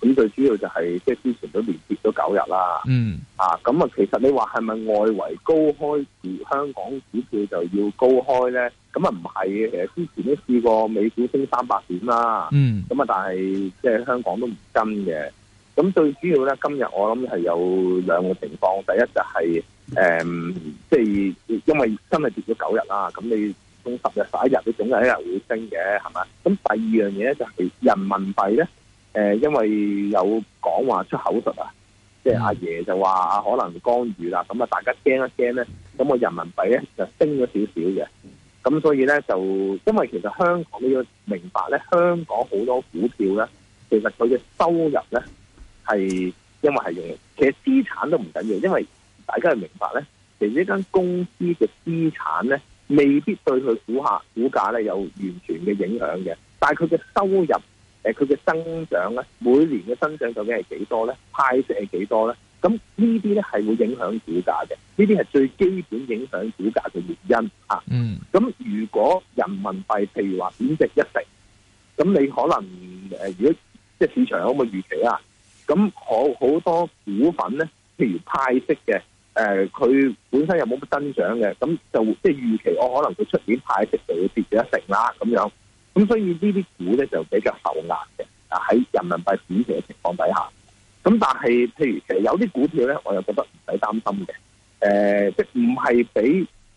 咁最主要就係即係之前都連跌咗九日啦，嗯啊咁啊，其實你話係咪外圍高開，而香港股票就要高開咧？咁啊唔係嘅，誒之前都試過美股升三百點啦，嗯咁啊，但係即係香港都唔跟嘅。咁最主要咧，今日我諗係有兩個情況，第一就係誒，即係因為真係跌咗九日啦，咁你中十日十一日你總有一日會升嘅，係咪？咁第二樣嘢咧就係人民幣咧。誒，因為有講話出口術啊，即係阿爺就話啊，可能干預啦，咁啊，大家驚一驚咧，咁我人民幣咧就升咗少少嘅，咁所以咧就，因為其實香港你要明白咧，香港好多股票咧，其實佢嘅收入咧係，因為係用，其實資產都唔緊要，因為大家要明白咧，其實呢間公司嘅資產咧未必對佢股價股價咧有完全嘅影響嘅，但係佢嘅收入。誒，佢嘅增長咧，每年嘅增長究竟係幾多咧？派息係幾多咧？咁呢啲咧係會影響股價嘅，呢啲係最基本影響股價嘅原因啊。嗯。咁如果人民幣譬如話貶值一成，咁你可能誒，如果即係市場有冇預期啊？咁好好多股份咧，譬如派息嘅，誒、呃，佢本身有冇乜增長嘅，咁就會即係預期，我可能佢出年派息就會跌咗一成啦，咁樣。咁所以呢啲股咧就比較受壓嘅，啊喺人民幣貶值嘅情況底下。咁但係，譬如其實有啲股票咧，我又覺得唔使擔心嘅。誒、呃，即係唔係俾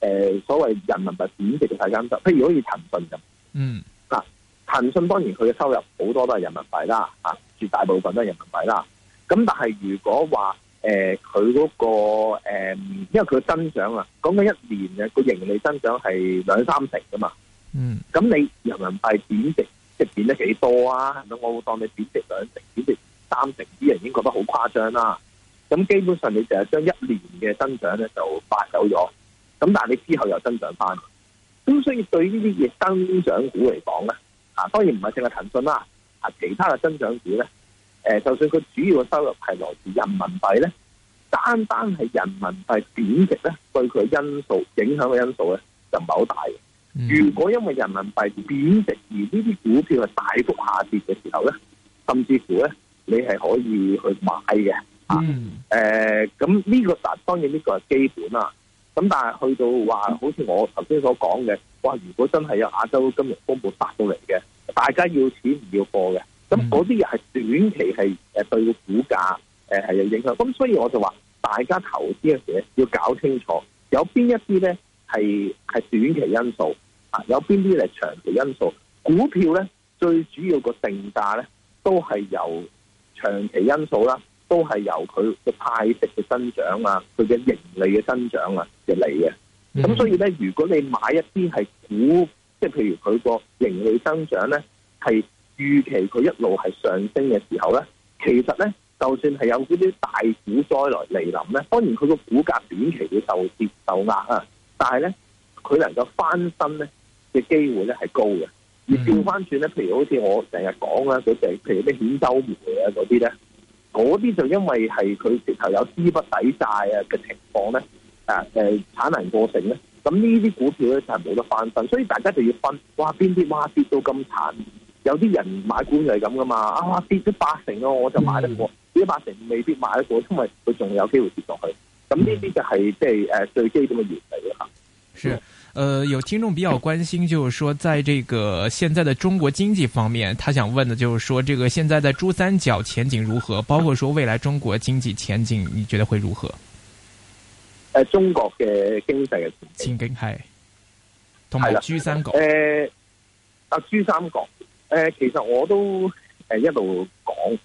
誒所謂人民幣貶值嘅太擔心。譬如好似騰訊咁，嗯，嗱騰訊當然佢嘅收入好多都係人民幣啦，啊絕大部分都係人民幣啦。咁、啊、但係如果話誒佢嗰個、呃、因為佢增長啊，講緊一年嘅個盈利增長係兩三成㗎嘛。嗯，咁你人民幣貶值，即係貶得幾多啊？係咪？我會當你貶值兩成，貶值三成，啲人已經覺得好誇張啦。咁基本上你就係將一年嘅增長咧就發走咗。咁但係你之後又增長翻。咁所以對呢啲嘢增長股嚟講咧，啊，當然唔係淨係騰訊啦，啊，其他嘅增長股咧，誒，就算佢主要嘅收入係來自人民幣咧，單單係人民幣貶值咧，對佢嘅因素影響嘅因素咧，就唔係好大嘅。如果因為人民幣貶值而呢啲股票係大幅下跌嘅時候咧，甚至乎咧，你係可以去買嘅。吓、嗯，誒、啊，咁、呃、呢、這個但當然呢個係基本啦。咁但係去到話，好似我頭先所講嘅，哇！如果真係有亞洲金融風暴殺到嚟嘅，大家要錢唔要貨嘅，咁嗰啲嘢係短期係誒對個股價誒係有影響。咁、嗯、所以我就話，大家投資嘅時候要搞清楚有邊一啲咧。係係短期因素啊，有邊啲係長期因素？股票咧最主要個定價咧，都係由長期因素啦，都係由佢嘅派息嘅增長啊，佢嘅盈利嘅增長啊嚟嘅。咁、mm-hmm. 所以咧，如果你買一啲係股，即係譬如佢個盈利增長咧，係預期佢一路係上升嘅時候咧，其實咧就算係有嗰啲大股災來嚟臨咧，當然佢個股價短期會受跌受壓啊。但係咧，佢能夠翻身咧嘅機會咧係高嘅。而調翻轉咧，譬如好似我成日講啊，佢哋譬如咩顯週末啊嗰啲咧，嗰啲就因為係佢直頭有資不抵債啊嘅情況咧，啊誒、啊、產能過剩咧，咁呢啲股票咧就係冇得翻身。所以大家就要分，哇邊啲哇跌到咁慘，有啲人買股就係咁噶嘛。啊跌咗八成咯、啊，我就買得過，呢、嗯、八成未必買得過，因為佢仲有機會跌落去。咁呢啲就係即係誒最基本嘅原理啦吓。是，誒、呃、有聽眾比較關心，就係說，在這個現在嘅中國經濟方面，佢想問嘅，就係說，這個現在在珠三角前景如何？包括說未來中國經濟前景，你覺得會如何？誒、呃，中國嘅經濟嘅前景係同埋珠三角誒、呃，啊珠三角誒、呃，其實我都誒、呃、一路講。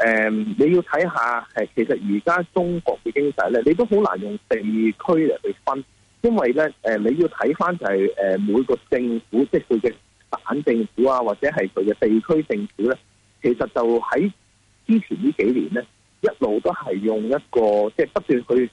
誒、嗯，你要睇下，係其實而家中國嘅經濟咧，你都好難用地區嚟去分，因為咧，誒，你要睇翻就係，誒，每個政府即係佢嘅省政府啊，或者係佢嘅地區政府咧，其實就喺之前呢幾年咧，一路都係用一個即係、就是、不斷去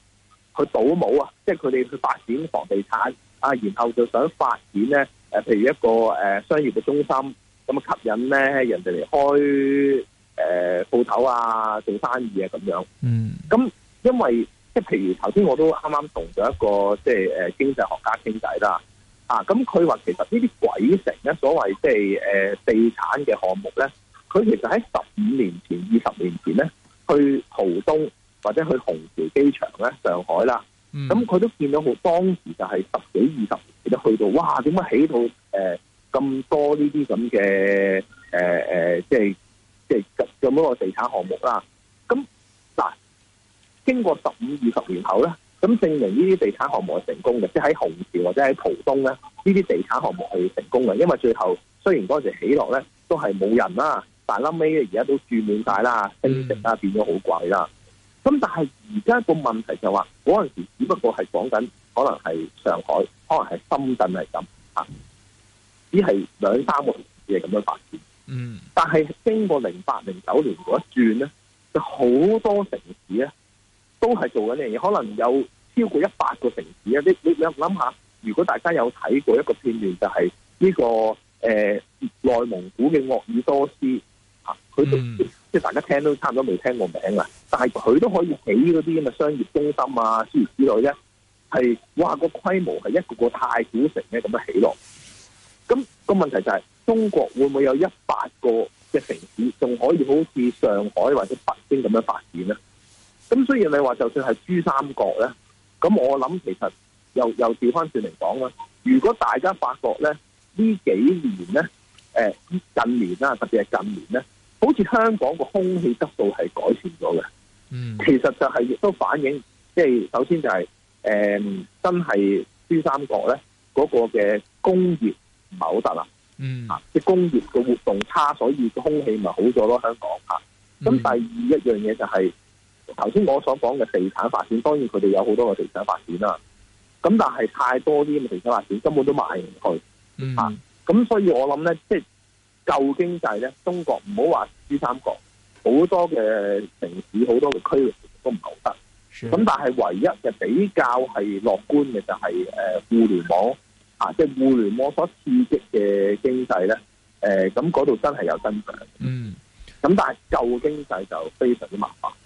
去倒模啊，即係佢哋去發展房地產啊，然後就想發展咧，誒，譬如一個誒商業嘅中心，咁吸引咧人哋嚟開。誒，鋪頭啊，做生意啊，咁樣，嗯，咁因為即係，譬如頭先我都啱啱同咗一個即係誒經濟學家傾偈啦，啊，咁佢話其實呢啲鬼城咧，所謂即係誒地產嘅項目咧，佢其實喺十五年前、二十年前咧，去浦東或者去虹橋機場咧，上海啦，咁、mm. 佢、嗯、都見到，當時就係十幾、二十年，其實去到，哇，點解起到誒咁、呃、多呢啲咁嘅誒誒，即、呃、係。呃就是即係有有咁個地產項目啦，咁嗱，經過十五二十年後咧，咁證明呢啲地產項目係成功嘅，即係喺虹橋或者喺浦東咧，呢啲地產項目係成功嘅。因為最後雖然嗰陣時起落咧都係冇人啦，但臨尾而家都住滿曬啦、升值啦，變咗好貴啦。咁但係而家個問題就話，嗰陣時只不過係講緊，可能係上海，可能係深圳係咁啊，只係兩三個城市係咁樣發展。.嗯，但係經過零八零九年嗰一轉咧，就好多城市咧都係做緊呢樣嘢，可能有超過一百個城市啊！你你，諗下，如果大家有睇過一個片段就是、這個，就係呢個誒內蒙古嘅鄂爾多斯啊，佢都即係、嗯、大家聽都差唔多未聽過名啦，但係佢都可以起嗰啲咁嘅商業中心啊，之之類咧，係哇、那個規模係一個個太古城咧咁樣起落，咁、那個問題就係、是。中國會唔會有一百個嘅城市仲可以好似上海或者北京咁樣發展呢？咁雖然你話就算係珠三角呢，咁我諗其實又又調翻轉嚟講啦。如果大家發覺呢呢這幾年呢，誒近年啦，特別係近年呢，好似香港個空氣質素係改善咗嘅。嗯，其實就係亦都反映，即係首先就係、是、誒、嗯、真係珠三角呢嗰個嘅工業唔係好得啦。嗯，啊，即係工業嘅活動差，所以個空氣咪好咗咯，香港吓。咁、嗯嗯嗯、第二一樣嘢就係頭先我所講嘅地產發展，當然佢哋有好多嘅地產發展啦。咁但係太多啲咁地產發展，根本都賣唔去。啊、嗯、咁、嗯、所以我諗咧，即係舊經濟咧，中國唔好話珠三角，好多嘅城市好多嘅區域都唔係得。咁但係唯一嘅比較係樂觀嘅就係、是、誒、呃、互聯網。啊！即係互聯網所刺激嘅經濟咧，誒咁嗰度真係有增長。嗯，咁但係舊經濟就非常之麻煩。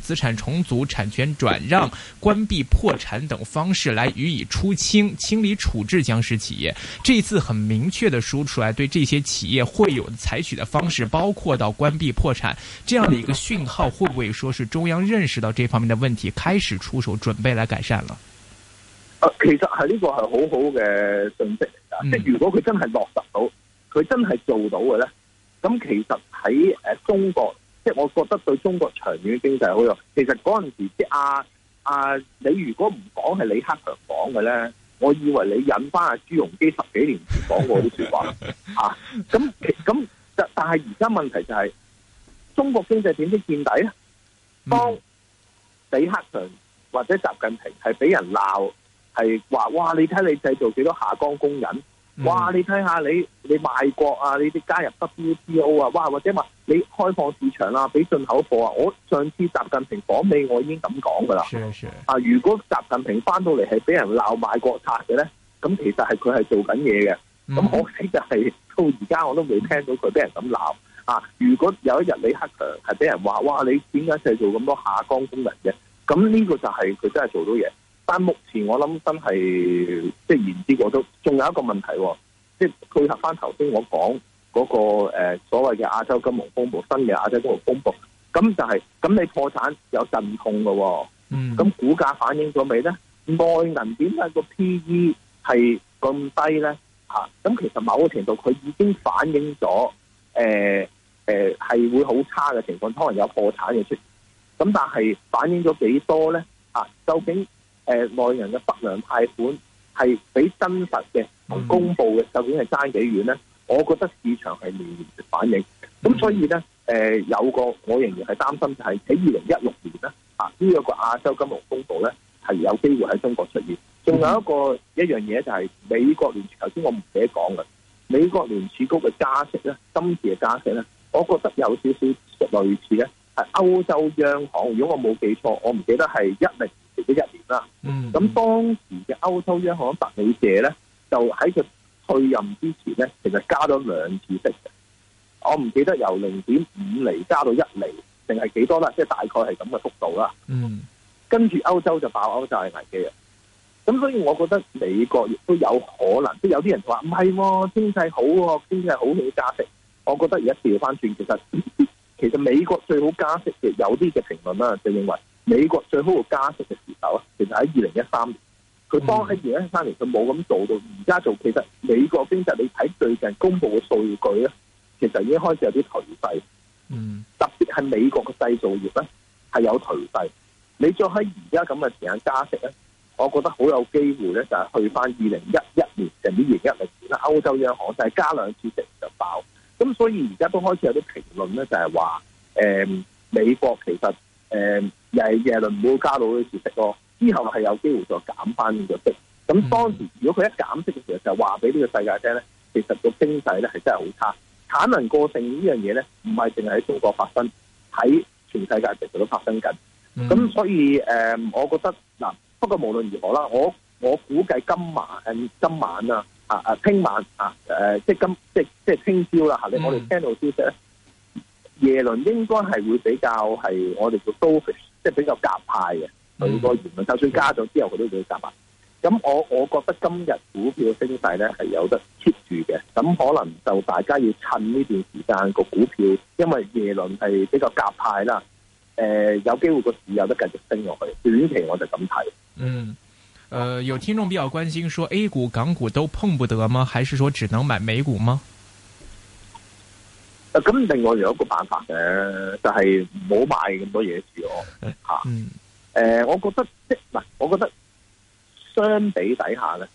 資產重組、產權轉讓、關閉、破產等方式來予以出清、清理處置殭屍企業。這次很明確的說出來，對這些企業會有採取的方式，包括到關閉、破產這樣的一個訊號，會不會說是中央認識到這方面的問題，開始出手準備來改善了？其實係呢個係好好嘅信息，即係、嗯、如果佢真係落實到，佢真係做到嘅咧，咁其實喺誒中國。我覺得對中國長遠嘅經濟好用。其實嗰陣時，即係啊，啊你如果唔講係李克強講嘅咧，我以為你引翻阿朱鎔基十幾年前講過啲說話 啊。咁咁但但係而家問題就係、是，中國經濟點先見底啊？當李克強或者習近平係俾人鬧，係話哇，你睇你製造幾多少下崗工人？嗯、哇！你睇下你你賣國啊！你啲加入 WTO 啊！哇！或者話你開放市場啊，俾進口貨啊！我上次習近平訪美，我已經咁講噶啦。啊，如果習近平翻到嚟係俾人鬧賣國賊嘅咧，咁其實係佢係做緊嘢嘅。咁、嗯、可惜就係、是、到而家我都未聽到佢俾人咁鬧。啊！如果有一日李克強係俾人話，哇！你點解製造咁多下崗工人嘅？咁呢個就係、是、佢真係做到嘢。但目前我諗真係，即係言之過早，仲有一個問題喎，即係配合翻頭先我講嗰個誒所謂嘅亞洲金融風暴，新嘅亞洲金融風暴，咁就係，咁你破產有陣痛嘅喎，嗯，咁股價反映咗未咧？外銀點解個 P E 係咁低咧？吓，咁其實某個程度佢已經反映咗，誒誒係會好差嘅情況，可能有破產嘅出現，咁但係反映咗幾多咧？啊，究竟？誒，外人嘅不良貸款係比真實嘅同公佈嘅究竟係爭幾遠呢？Mm. 我覺得市場係仍然嘅反應，咁、mm. 所以呢，誒、呃、有個我仍然係擔心就係喺二零一六年呢，啊呢個、這個亞洲金融風暴呢，係有機會喺中國出現。仲有一個、mm. 一樣嘢就係美國聯儲頭先我唔記得講嘞，美國聯儲局嘅加息呢，今次嘅加息呢，我覺得有少少類似呢，係歐洲央行。如果我冇記錯，我唔記得係一零。一年啦，咁當時嘅歐洲央行特里謝咧，就喺佢退任之前咧，其實加咗兩次息嘅。我唔記得由零點五厘加到一厘，定係幾多啦？即係大概係咁嘅幅度啦。嗯，跟住歐洲就爆歐債危機啊！咁所以我覺得美國亦都有可能，即係有啲人就話唔係，經濟好，經濟好好加息。我覺得而家調翻轉，其實 其實美國最好加息嘅有啲嘅評論啦，就認為。美國最好個加息嘅時候啊，其實喺二零一三年，佢當喺二零一三年佢冇咁做到，而家做，其實美國經濟你睇最近公布嘅數據咧，其實已經開始有啲頹勢，嗯，特別係美國嘅製造業咧係有頹勢，你再喺而家咁嘅時間加息咧，我覺得好有機會咧就係去翻，二零一一年甚至二零一零年啦，歐洲央行就係、是、加兩次息就爆，咁所以而家都開始有啲評論咧就係話，誒、嗯、美國其實誒。嗯又係耶倫冇加到啲息息咯，之後係有機會再減翻呢個息。咁當時如果佢一減息嘅時候，就話俾呢個世界聽咧，其實個經濟咧係真係好差。產能過剩呢樣嘢咧，唔係淨係喺中國發生，喺全世界其實都發生緊。咁、嗯、所以誒，我覺得嗱，不過無論如何啦，我我估計今晚誒今晚啊啊啊聽晚啊誒、啊，即係今即係即係聽朝啦吓，嗯、你我哋聽到消息咧，耶倫應該係會比較係我哋叫高息。即係比較鴿派嘅佢個言論，就算加咗之後佢都比鴿埋。咁我我覺得今日股票升勢咧係有得 keep 住嘅。咁可能就大家要趁呢段時間個股票，因為耶倫係比較鴿派啦。誒、呃，有機會個市有得繼續升落去。短期我就咁睇。嗯，誒、呃，有聽眾比較關心，說 A 股、港股都碰不得嗎？還是說只能買美股嗎？咁另外有一個辦法嘅，就係唔好買咁多嘢住我吓。誒、啊嗯，我覺得即係我覺得相比底下咧，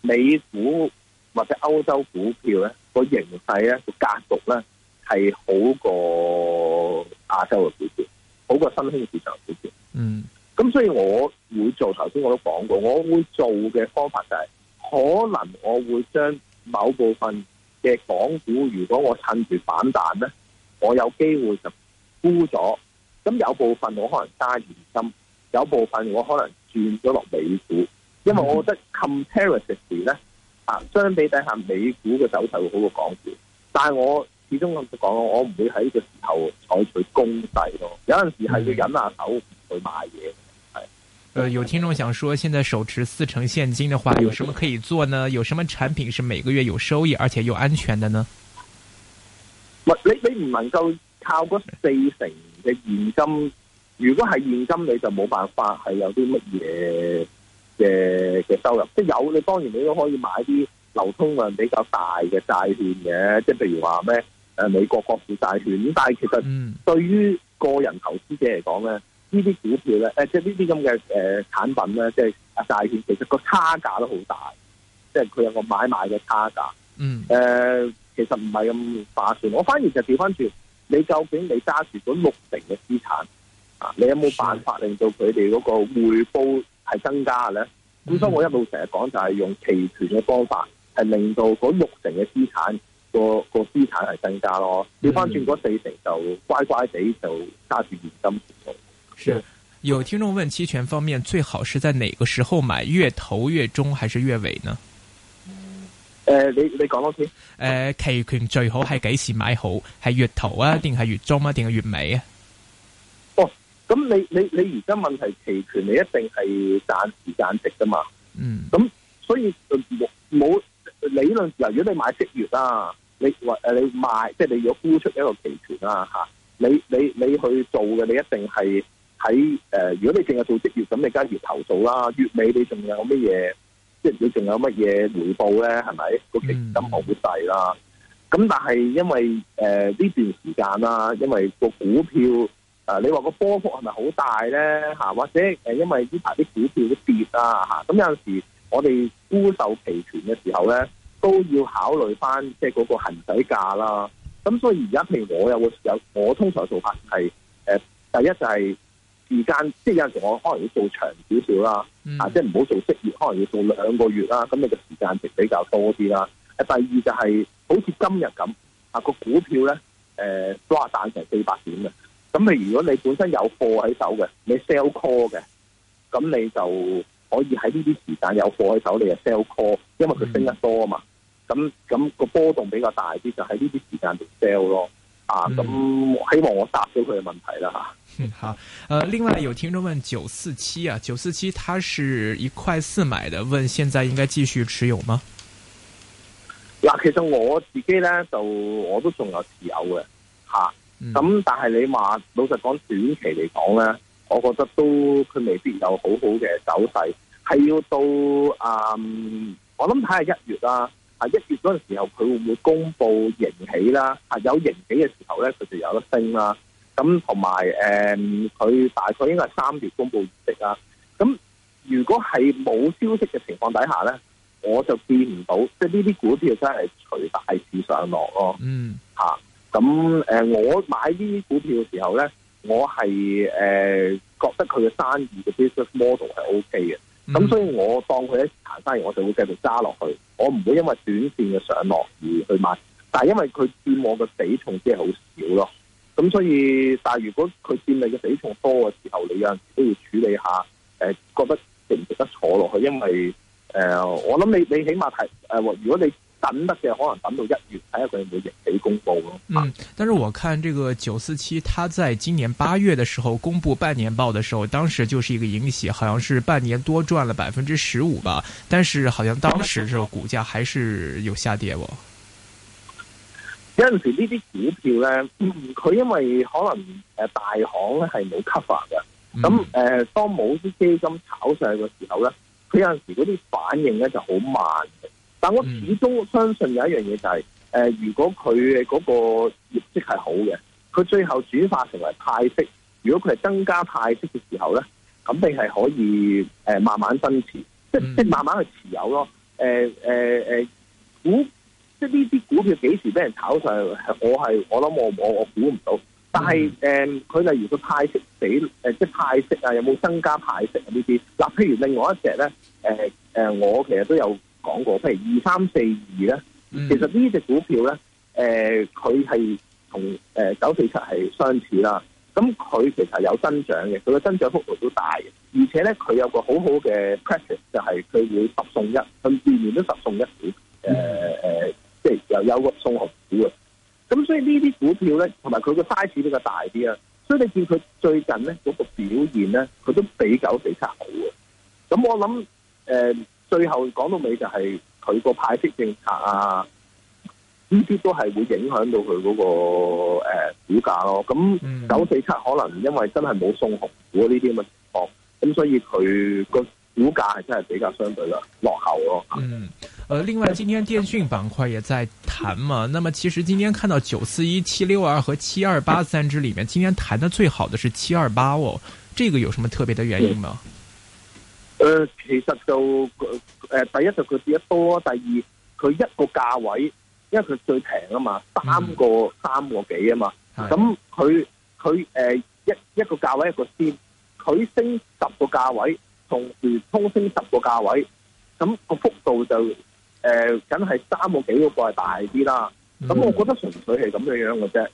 美股或者歐洲股票咧個形勢咧個格局咧係好過亞洲嘅股票，好過新興市場股票。嗯。咁所以我會做，頭先我都講過，我會做嘅方法就係、是、可能我會將某部分。嘅港股，如果我趁住反彈呢，我有機會就沽咗。咁有部分我可能加現金，有部分我可能轉咗落美股，因為我覺得 comparatively 咧，啊，相比底下美股嘅走勢會好過港股。但係我始終咁講，我唔會喺呢個時候採取攻勢咯。有陣時係要忍下手不去買嘢。呃，有聽眾想說，現在手持四成現金的話，有什麼可以做呢？有什麼產品是每個月有收益，而且又安全的呢？你你唔能夠靠個四成嘅現金，如果係現金，你就冇辦法係有啲乜嘢嘅嘅收入。即有，你當然你都可以買啲流通量比較大嘅債券嘅，即係譬如話咩，誒美國國庫債券咁。但係其實對於個人投資者嚟講咧。呢啲股票咧，誒、呃呃，即係呢啲咁嘅誒產品咧，即係債券，其實個差價都好大，即係佢有個買賣嘅差價。嗯。誒、呃，其實唔係咁化算。我反而就調翻轉，你究竟你揸住咗六成嘅資產，啊，你有冇辦法令到佢哋嗰個匯報係增加嘅咧？咁所以我一路成日講就係用期權嘅方法，係令到嗰六成嘅資產個個資產係增加咯。調翻轉嗰四成就乖乖地就揸住現金是有聽眾問期權方面最好是在哪個時候買？月頭、月中還是月尾呢？誒、呃，你你講多次誒、呃，期權最好係幾時買好？係月頭啊，定係月中啊，定係月尾啊？哦，咁你你你而家問題期權，你一定係賺時間值噶嘛？嗯，咁所以冇冇、呃、理論、呃，如果你買即月啊你或誒、呃、你賣，即係你要沽出一個期權啦、啊、吓、啊，你你你去做嘅，你一定係。喺誒、呃，如果你淨係做職業，咁你間月投訴啦，月尾你仲有乜嘢？即係你仲有乜嘢回報咧？係咪個本金好冇啦？咁但係因為誒呢、呃、段時間啦，因為個股票誒、啊、你話個波幅係咪好大咧？嚇、啊，或者誒因為呢排啲股票都跌啦。嚇、啊，咁有陣時我哋沽售期權嘅時候咧，都要考慮翻即係嗰個行使價啦。咁所以而家譬如我有個有我通常嘅做法係誒、呃，第一就係、是。時間即係有時我可能要做長少少啦，啊，即係唔好做職業，可能要做兩個月啦。咁你嘅時間值比較多啲啦。第二就係、是、好似今日咁，啊個股票咧誒，都話彈成四百點嘅。咁你如果你本身有貨喺手嘅，你 sell call 嘅，咁你就可以喺呢啲時間有貨喺手，你就 sell call，因為佢升得多啊、嗯、嘛。咁咁個波動比較大啲，就喺呢啲時間度 sell 咯。啊，咁、嗯、希望我答咗佢嘅問題啦吓、嗯。好，誒、呃，另外有聽眾問九四七啊，九四七，它是一塊四買的，問現在應該繼續持有嗎？嗱，其實我自己咧就我都仲有持有嘅吓，咁、啊、但係你話老實講，短期嚟講咧，我覺得都佢未必有好好嘅走勢，係要到、呃、想看啊，我諗睇下一月啦。係一月嗰時候，佢會唔會公布盈喜啦？係有盈喜嘅時候咧，佢就有得升啦。咁同埋，誒、呃，佢大概應該係三月公布業績啦。咁如果係冇消息嘅情況底下咧，我就見唔到。即係呢啲股票真係隨大市上落咯。嗯、吓、啊、咁，誒，我買呢啲股票嘅時候咧，我係誒覺得佢嘅生意嘅 business model 係 OK 嘅。咁、mm-hmm。嗯、 所以，我當佢喺行生意，我就會繼續揸落去。我唔會因為短線嘅上落而去買，但係因為佢佔我嘅比重真係好少咯。咁所以，但係如果佢佔你嘅比重多嘅時候，你有陣時都要處理一下。誒、呃，覺得值唔值得坐落去？因為誒、呃，我諗你你起碼係誒、呃，如果你。等得嘅可能等到一月睇下佢會唔會盈喜公布咯。嗯，但是我看這個九四七，他在今年八月的時候公布半年報的時候，當時就是一個盈喜，好像是半年多賺了百分之十五吧。但是好像當時個股價還是有下跌喎、哦嗯？有陣時呢啲股票咧，佢、嗯、因為可能誒大行咧係冇 cover 嘅，咁誒、呃、當冇啲基金炒上去嘅時候咧，佢有陣時嗰啲反應咧就好慢。但我始終相信有一樣嘢就係、是，誒、呃，如果佢嗰個業績係好嘅，佢最後轉化成為派息，如果佢係增加派息嘅時候咧，咁你係可以誒、呃、慢慢增持，即即係慢慢去持有咯。誒誒誒，股、呃呃、即係呢啲股票幾時俾人炒上，我係我諗我我我，我估唔到。但係誒，佢、呃、例如個派息俾誒即係派息，啊，派息啊，有冇增加派息啊呢啲？嗱，譬如另外一隻咧，誒、呃、誒、呃，我其實都有，講過，譬如二三四二咧，其實呢隻股票咧，誒、呃，佢係同誒九四七係相似啦。咁佢其實有增長嘅，佢嘅增長幅度都大嘅。而且咧，佢有個好好嘅 pressure，就係佢會十送一，佢年年都十送一股。誒、呃、誒、呃，即係又有個送紅股啊。咁所以呢啲股票咧，同埋佢個 size 比較大啲啊。所以你見佢最近咧嗰、那個表現咧，佢都比九四七好嘅。咁我諗誒。呃最後講到尾就係佢個派息政策啊，呢啲都係會影響到佢嗰，那個誒股價咯。咁九四七可能因為真係冇送紅股呢啲咁嘅情況，咁所以佢個股價係真係比較相對啦落後咯。嗯，呃，另外今天電訊板塊也在談嘛。那麼其實今天看到九四一、七六二和七二八三隻裏面，今天談得最好的是七二八哦。這個有什麼特別的原因嗎？嗯誒、呃，其實就誒、呃，第一就佢跌得多，第二佢一個價位，因為佢最平啊嘛、嗯，三個三個幾啊嘛，咁佢佢誒一一個價位一個先，佢升十個價位，同聯通升十個價位，咁、那個幅度就誒，梗、呃、係三個幾嗰個係大啲啦。咁、嗯、我覺得純粹係咁嘅樣嘅啫。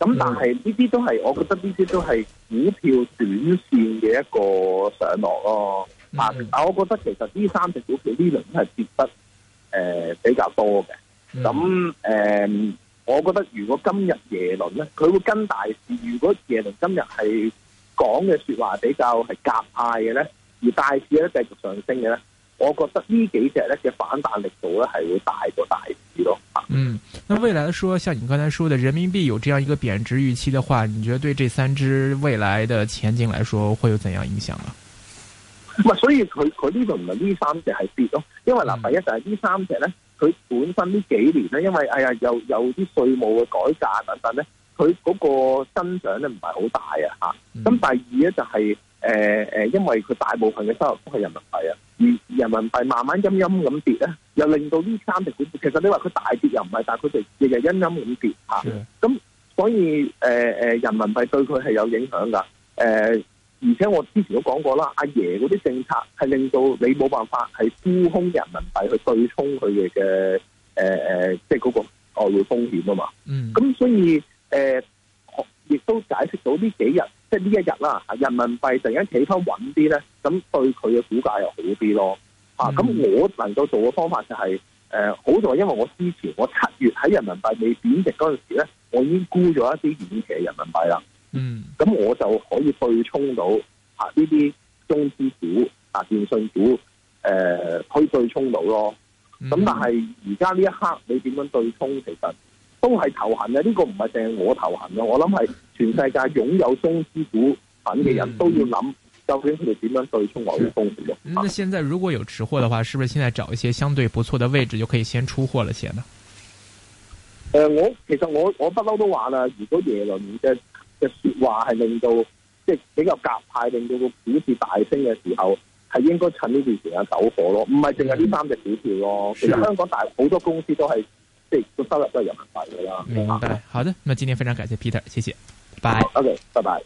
咁但係呢啲都係、嗯，我覺得呢啲都係股票短線嘅一個上落咯。啊！但係我覺得其實呢三隻股票呢輪都係跌得誒、呃、比較多嘅。咁誒、呃，我覺得如果今日耶倫咧，佢會跟大市。如果耶倫今日係講嘅說話比較係鴿派嘅咧，而大市咧繼續上升嘅咧，我覺得呢幾隻咧嘅反彈力度咧係會大過大市咯。嗯，那未來來說，像你剛才說的，人民幣有這樣一個貶值預期的話，你覺得對這三隻未來的前景來說會有怎樣影響啊？唔係，所以佢佢呢度唔係呢三隻係跌咯，因為嗱，第一就係呢三隻咧，佢本身呢幾年咧，因為哎呀，又有啲稅務嘅改革等等咧，佢嗰個增長咧唔係好大啊，吓。咁第二咧就係誒誒，因為佢大部分嘅收入都係人民幣啊，而人民幣慢慢陰陰咁跌咧，又令到呢三隻股，其實你話佢大跌又唔係，但係佢哋日日陰陰咁跌吓。咁所以誒誒，人民幣對佢係有影響噶，誒。而且我之前都講過啦，阿爺嗰啲政策係令到你冇辦法係沽空人民幣去對沖佢哋嘅誒誒，即係嗰個外匯風險啊嘛。嗯。咁所以誒，亦、呃、都解釋到呢幾日，即係呢一日啦，人民幣突然間企返穩啲咧，咁對佢嘅股價又好啲咯。嗯、啊，咁我能夠做嘅方法就係、是、誒、呃，好在因為我之前我七月喺人民幣未貶值嗰陣時咧，我已經沽咗一啲遠期嘅人民幣啦。嗯，咁我就可以對沖到吓呢啲中資股啊，電信股誒、呃，可以對沖到咯。咁、嗯、但係而家呢一刻你點樣對沖，其實都係頭痕咧。呢、這個唔係淨係我頭痕嘅，我諗係全世界擁有中資股份嘅人都要諗究竟佢哋點樣對沖外匯風險。那現在如果有持貨的話，是不是現在找一些相對不錯的位置就可以先出貨了先呢？誒、呃，我其實我我不嬲都話啦，如果耶倫嘅。嘅説話係令到即係比較鴿派，令到個股市大升嘅時候，係應該趁呢段時間走火咯。唔係淨係呢三隻股票咯，啊，其實香港大好多公司都係即係個收入都係人民幣㗎啦。明白。好的，那今天非常感謝 Peter，謝謝，拜。OK，拜拜。